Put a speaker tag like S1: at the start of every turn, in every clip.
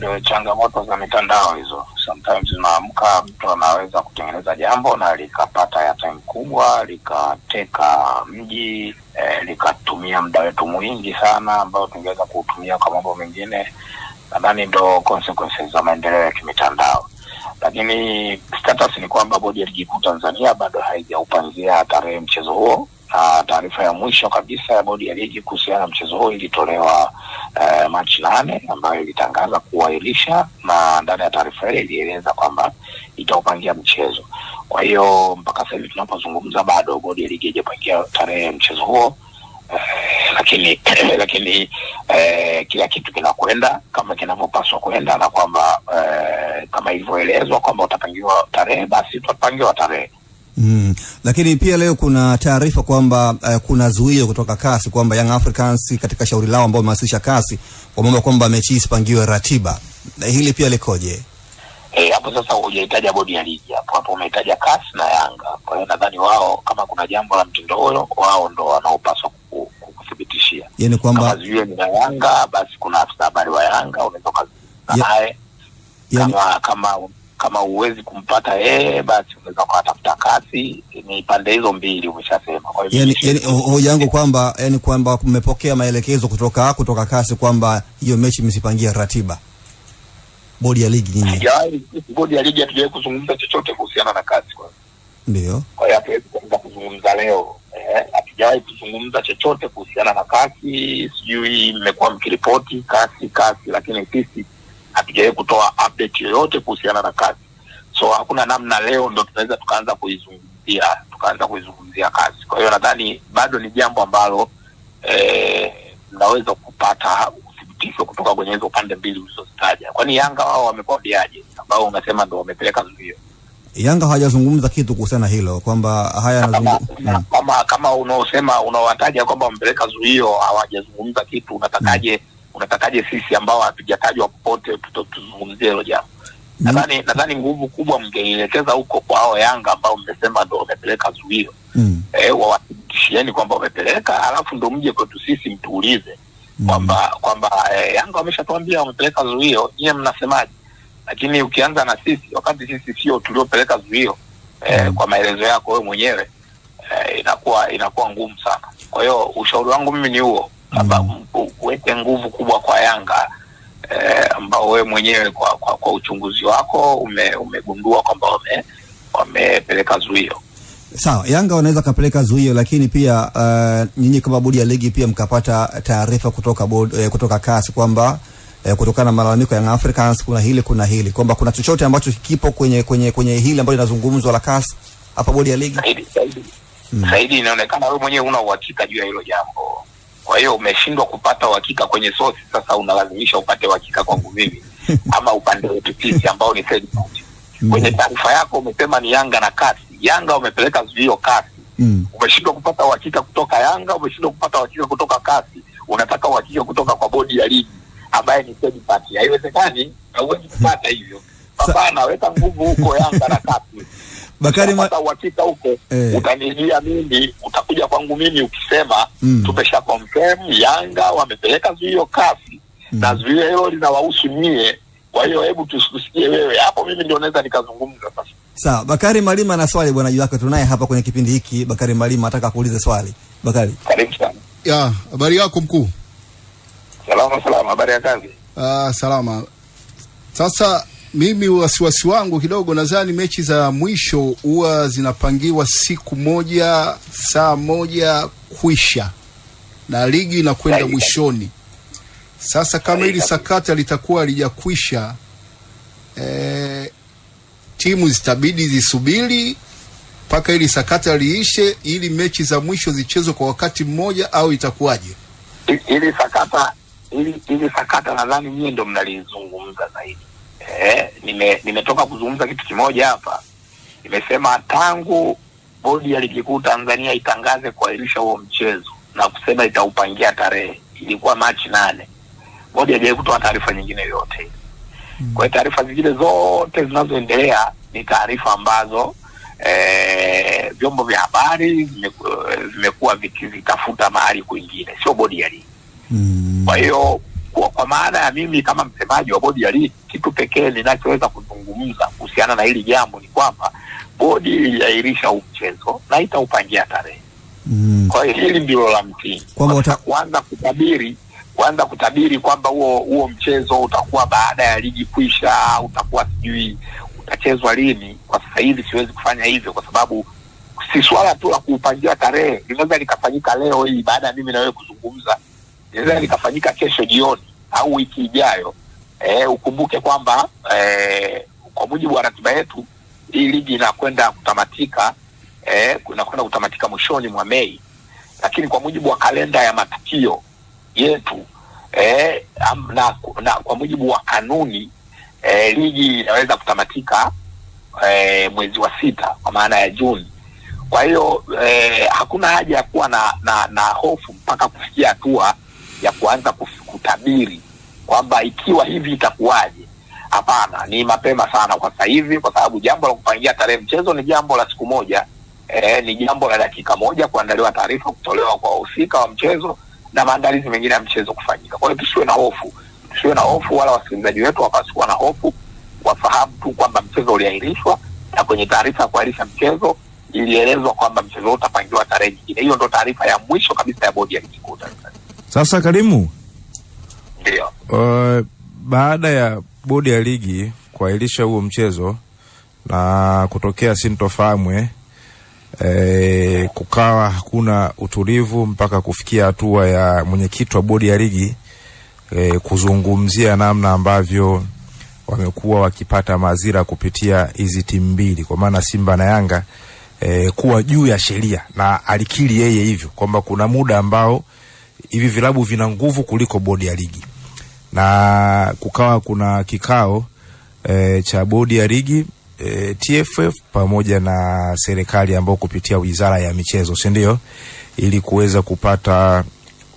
S1: ndio eh, changamoto za mitandao hizo, sometimes unaamka mtu anaweza kutengeneza jambo na likapata ya time kubwa likateka mji e, likatumia muda wetu mwingi sana ambao tungeweza kuutumia kwa mambo mengine. Nadhani ndo consequences za maendeleo ya kimitandao, lakini status ni kwamba bodi ya ligi kuu Tanzania bado haijaupanzia tarehe mchezo huo. Ah, taarifa ya mwisho kabisa ya bodi ya ligi kuhusiana na mchezo huu ilitolewa e, Machi nane ambayo ilitangaza kuwailisha, na ndani ya taarifa ile ilieleza kwamba itaupangia mchezo. Kwa hiyo mpaka sasa hivi tunapozungumza, bado bodi ya ligi haijapangia tarehe ya mchezo huo e, lakini lakini e, kila kitu kinakwenda kama kinavyopaswa kwenda, na kwamba e, kama ilivyoelezwa kwamba utapangiwa tarehe, basi utapangiwa tarehe.
S2: Mm. Lakini pia leo kuna taarifa kwamba uh, kuna zuio kutoka kasi kwamba Young Africans katika shauri lao ambao wamewasilisha kasi wameomba kwamba mechi isipangiwe ratiba. Hili pia likoje?
S1: Eh, hapo sasa hujahitaja bodi ya ligi hapo. Hapo umehitaja kasi na Yanga. Kwa hiyo nadhani wao kama kuna jambo la mtindo huo wao ndo wanaopaswa kukuthibitishia. Yaani kwamba zuio ni la Yanga basi kuna afisa habari wa Yanga unaweza kuzungumza naye. Yaani kama kama kama huwezi kumpata yeye basi kwa tafuta kazi, ni pande hizo mbili umeshasema. Kwa
S2: hiyo yani, yani, hoja yangu kwamba yani kwamba mmepokea maelekezo kutoka kutoka kasi kwamba hiyo mechi msipangia ratiba bodi ya ligi nyinyi?
S1: bodi ya ligi hatujawahi kuzungumza chochote kuhusiana na kazi kwa ndio. Kwa hiyo hatuwezi kuanza kuzungumza leo eh, hatujawahi kuzungumza chochote kuhusiana na kasi. Sijui mmekuwa mkiripoti kasi kasi, lakini sisi hatujawahi kutoa update yoyote kuhusiana na kasi so hakuna namna leo ndo tunaweza tukaanza kuizungumzia tukaanza kuizungumzia kazi. Kwa hiyo nadhani bado ni jambo ambalo mnaweza eh, e, kupata uthibitisho kutoka kwenye hizo pande mbili ulizozitaja. Kwani Yanga wao wamebodiaje ambao unasema ndo wamepeleka zuio?
S2: Yanga hawajazungumza kitu kuhusiana hilo kwamba haya
S1: kama, hmm. kama, kama unaosema unaowataja kwamba wamepeleka zuio hawajazungumza kitu, unatakaje? hmm. unatakaje sisi ambao hatujatajwa popote tuzungumzie hilo jambo? Hmm. nadhani nadhani nguvu kubwa mngeielekeza huko kwa hao Yanga ambao mmesema ndo wamepeleka zuio mm. E, eh, wawathibitishieni kwamba wamepeleka, alafu ndo mje kwetu sisi mtuulize hmm. kwamba kwamba e, Yanga wameshatuambia wamepeleka zuio, nyiye mnasemaje? Lakini ukianza na sisi wakati sisi sio tuliopeleka zuio e, mm. kwa maelezo yako wewe mwenyewe e, inakuwa inakuwa ngumu sana. Kwa hiyo ushauri wangu mimi ni huo kwamba mm. uweke nguvu kubwa kwa Yanga eh, ambao wewe mwenyewe kwa, kwa, kwa uchunguzi wako ume, umegundua kwamba wame, wamepeleka zuio.
S2: Sawa, Yanga wanaweza kapeleka zuio, lakini pia uh, nyinyi kama bodi ya ligi pia mkapata taarifa kutoka board, eh, kutoka CAS kwamba eh, kutokana na malalamiko ya Africans kuna hili kuna hili kwamba kuna chochote ambacho kipo kwenye kwenye kwenye hili ambalo linazungumzwa la CAS hapa bodi ya ligi
S1: zaidi zaidi, mm. Inaonekana wewe mwenyewe una uhakika juu ya hilo jambo kwa hiyo umeshindwa kupata uhakika kwenye source, sasa unalazimisha upate uhakika kwangu mimi ama upande wetu sisi ambao ni third party. Mm. Kwenye taarifa yako umesema ni Yanga na kasi, Yanga umepeleka hiyo kasi mm. Umeshindwa kupata uhakika kutoka Yanga, umeshindwa kupata uhakika kutoka kasi, unataka uhakika kutoka kwa bodi ya ligi ambaye ni third party. Haiwezekani, hauwezi kupata hivyo. Hapana, weka nguvu huko Yanga na kasi Bakari ma... huko eh. Utanijia mimi kuja kwangu mimi ukisema mm. tumesha confirm Yanga wamepeleka zuio kafi mm. na zuio hilo linawahusu nyie, kwa hiyo hebu tusikie wewe hapo, mimi ndio naweza nikazungumza sasa.
S2: Sawa, Bakari Malima na swali bwana juu yako, tunaye hapa kwenye kipindi hiki. Bakari Malima ataka kuuliza swali. Bakari, karibu sana. Ya, habari yako mkuu?
S1: Salama salama, habari ya kazi?
S2: Ah, salama. Sasa mimi wasiwasi wangu kidogo, nadhani mechi za mwisho huwa zinapangiwa siku moja saa moja kwisha na ligi inakwenda mwishoni. Sasa kama hili sakata litakuwa lijakwisha e, eh, timu zitabidi zisubiri mpaka hili sakata liishe ili mechi za mwisho zichezwe kwa wakati mmoja, au itakuwaje?
S1: Hili sakata, sakata nadhani nyie ndo mnalizungumza zaidi eh, nime, nimetoka kuzungumza kitu kimoja hapa. Nimesema tangu bodi ya ligi kuu Tanzania itangaze kuahirisha huo mchezo na kusema itaupangia tarehe, ilikuwa Machi nane, bodi haijawahi kutoa taarifa nyingine yoyote. Hmm. Kwa hiyo taarifa zingine zote zinazoendelea ni taarifa ambazo eh, vyombo vya habari vimekuwa eh, vikizitafuta mahali kwingine, sio bodi ya ligi. Hmm. Kwa hiyo kwa, kwa maana ya mimi kama msemaji wa bodi ya ligi, kitu pekee ninachoweza kuzungumza kuhusiana na hili jambo ni kwamba bodi iliahirisha huu mchezo na itaupangia tarehe mm. Kwa hiyo hili ndilo la msingi kwanza, kuanza kutabiri kuanza kutabiri kwamba huo huo mchezo utakuwa baada ya ligi kuisha, utakuwa sijui utachezwa lini. Kwa sasa hivi siwezi kufanya hivyo kwa sababu si swala tu la kuupangia tarehe, linaweza likafanyika leo hii baada ya mimi na wewe kuzungumza inaweza likafanyika kesho jioni au wiki ijayo. E, ukumbuke kwamba e, kwa mujibu wa ratiba yetu hii ligi inakwenda kutamatika e, inakwenda kutamatika mwishoni mwa Mei, lakini kwa mujibu wa kalenda ya matukio yetu e, na, na kwa mujibu wa kanuni e, ligi inaweza kutamatika e, mwezi wa sita kwa maana ya Juni. Kwa hiyo e, hakuna haja ya kuwa na, na, na hofu mpaka kufikia hatua ya kuanza kutabiri kwamba ikiwa hivi itakuwaje. Hapana, ni mapema sana kwa sasa hivi, kwa sababu jambo la kupangia tarehe mchezo ni jambo la siku moja, e, ni jambo la dakika moja, kuandaliwa taarifa, kutolewa kwa wahusika wa mchezo na maandalizi mengine ya mchezo kufanyika. Kwa hiyo tusiwe na hofu, tusiwe na hofu, wala wasikilizaji wetu wapaswe na hofu, wafahamu tu kwamba mchezo uliahirishwa, na kwenye taarifa ya kuahirisha mchezo ilielezwa kwamba mchezo utapangiwa tarehe nyingine. Hiyo ndo taarifa ya mwisho kabisa ya bodi ya ligi kuu Tanzania.
S2: Sasa Karimu, ndio uh, baada ya bodi ya ligi kuahirisha huo mchezo na kutokea sintofahamu eh, kukawa hakuna utulivu mpaka kufikia hatua ya mwenyekiti wa bodi ya ligi eh, kuzungumzia namna ambavyo wamekuwa wakipata mazira kupitia hizi timu mbili kwa maana Simba na Yanga eh, kuwa juu ya sheria, na alikiri yeye hivyo kwamba kuna muda ambao hivi vilabu vina nguvu kuliko bodi ya ligi, na kukawa kuna kikao e, cha bodi ya ligi e, eh, TFF pamoja na serikali ambao kupitia wizara ya michezo, si ndio, ili kuweza kupata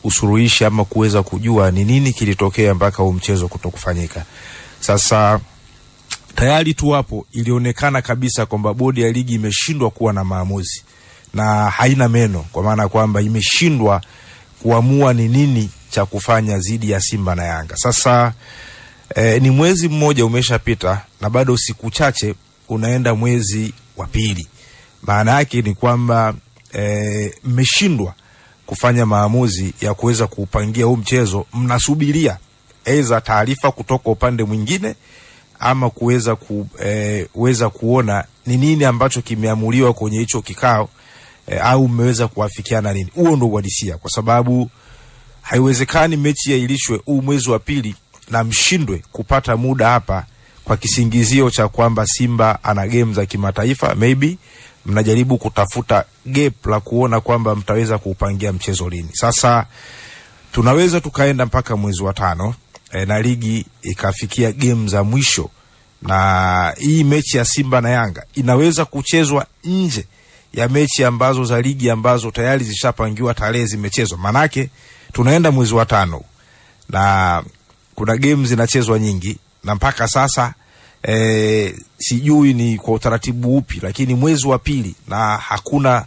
S2: usuluhishi ama kuweza kujua ni nini kilitokea mpaka huu mchezo kutokufanyika. Sasa tayari tu hapo ilionekana kabisa kwamba bodi ya ligi imeshindwa kuwa na maamuzi na haina meno, kwa maana kwamba imeshindwa kuamua ni nini cha kufanya dhidi ya Simba na Yanga. Sasa e, ni mwezi mmoja umeshapita na bado siku chache unaenda mwezi wa pili. Maana yake ni kwamba eh, mmeshindwa eh, kufanya maamuzi ya kuweza kuupangia huu mchezo. Mnasubiria aidha taarifa kutoka upande mwingine ama kuweza ku, e, kuona ni nini ambacho kimeamuliwa kwenye hicho kikao e, au mmeweza kuafikiana nini? Huo ndo uhalisia, kwa sababu haiwezekani mechi yailishwe huu mwezi wa pili na mshindwe kupata muda hapa kwa kisingizio cha kwamba Simba ana game za kimataifa. Maybe mnajaribu kutafuta gap la kuona kwamba mtaweza kuupangia mchezo lini. Sasa tunaweza tukaenda mpaka mwezi wa tano e, na ligi ikafikia game za mwisho, na hii mechi ya Simba na Yanga inaweza kuchezwa nje ya mechi ambazo za ligi ambazo tayari zishapangiwa tarehe zimechezwa, manake tunaenda mwezi wa tano na kuna game zinachezwa nyingi, na mpaka sasa e, sijui ni kwa utaratibu upi, lakini mwezi wa pili na hakuna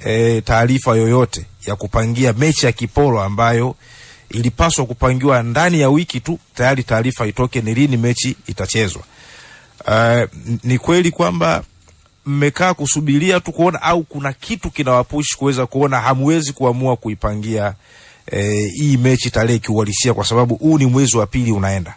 S2: e, taarifa yoyote ya kupangia mechi ya kipolo ambayo ilipaswa kupangiwa ndani ya wiki tu, tayari taarifa itoke ni lini mechi itachezwa. E, ni kweli kwamba mmekaa kusubiria tu kuona au kuna kitu kinawapushi kuweza kuona hamwezi kuamua kuipangia eh, hii e, mechi tarehe kiuhalisia, kwa sababu huu ni mwezi wa pili unaenda.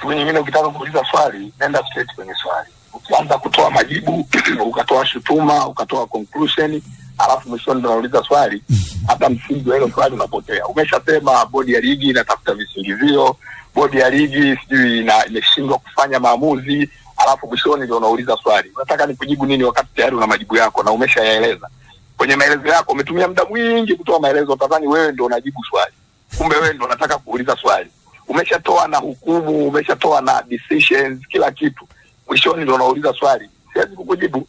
S1: Siku nyingine ukitaka kuuliza swali, nenda straight kwenye swali. Ukianza kutoa majibu ukatoa shutuma ukatoa conclusion, alafu mwishoni ndo swali, hata msingi wa hilo swali unapotea. Umeshasema bodi ya ligi inatafuta visingizio, bodi ya ligi sijui imeshindwa kufanya maamuzi alafu mwishoni ndio unauliza swali, unataka nikujibu nini, wakati tayari una majibu yako na umeshayaeleza kwenye maelezo yako. Umetumia muda mwingi kutoa maelezo, utadhani wewe ndio unajibu swali, kumbe wewe ndio unataka kuuliza swali. Umeshatoa na hukumu, umeshatoa na decisions, kila kitu, mwishoni ndio unauliza swali. Siwezi kukujibu,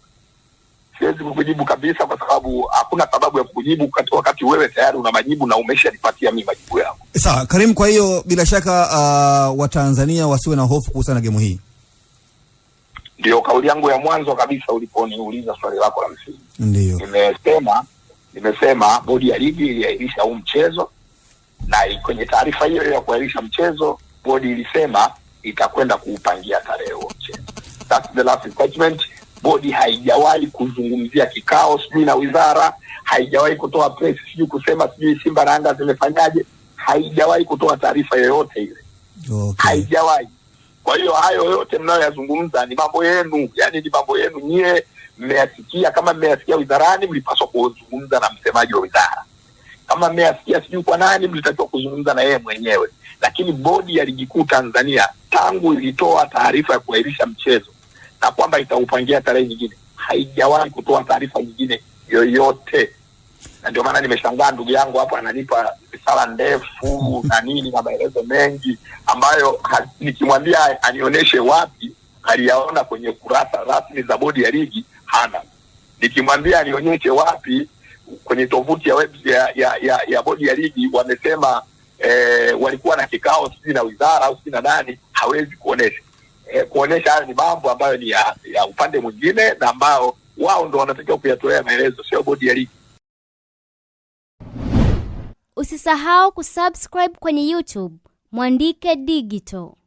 S1: siwezi kukujibu kabisa, kwa sababu hakuna sababu ya kukujibu wakati wewe tayari una majibu na umeshanipatia mimi majibu yako.
S2: Sawa Karim, kwa hiyo bila shaka uh, Watanzania wasiwe na hofu kuhusiana na gemu hii.
S1: Ndio kauli yangu ya mwanzo kabisa uliponiuliza swali lako la msingi. Ndio nimesema nimesema bodi ya ligi iliahirisha huu mchezo, na kwenye taarifa hiyo ya kuahirisha mchezo bodi ilisema itakwenda kuupangia tarehe huo mchezo. That's the last statement. Bodi haijawahi kuzungumzia kikao sijui na wizara, haijawahi kutoa press sijui kusema sijui Simba na Yanga zimefanyaje, haijawahi kutoa taarifa yoyote ile, okay. haijawahi kwa hiyo hayo yote mnayoyazungumza ni mambo yenu, yani ni mambo yenu nyie, mmeyasikia. Kama mmeyasikia wizarani, mlipaswa kuzungumza na msemaji wa wizara. Kama mmeyasikia sijui kwa nani, mlitakiwa kuzungumza na yeye mwenyewe. Lakini bodi ya ligi kuu Tanzania tangu ilitoa taarifa ya kuahirisha mchezo na kwamba itaupangia tarehe nyingine, haijawahi kutoa taarifa nyingine yoyote na ndio maana nimeshangaa ndugu yangu hapo ananipa risala ndefu na nini na maelezo mengi ambayo nikimwambia anionyeshe wapi aliyaona kwenye kurasa rasmi za bodi ya ligi hana. Nikimwambia anionyeshe wapi kwenye tovuti ya web ya, ya, ya, ya bodi ya ligi wamesema eh, walikuwa na kikao sijui na wizara au sijui na nani, hawezi kuonesha eh, kuonesha. Haya ni mambo ambayo ni ya, ya upande mwingine na ambao wao ndo wanatakiwa kuyatolea maelezo, sio bodi ya ligi. Usisahau kusubscribe kwenye YouTube Mwandike Digital.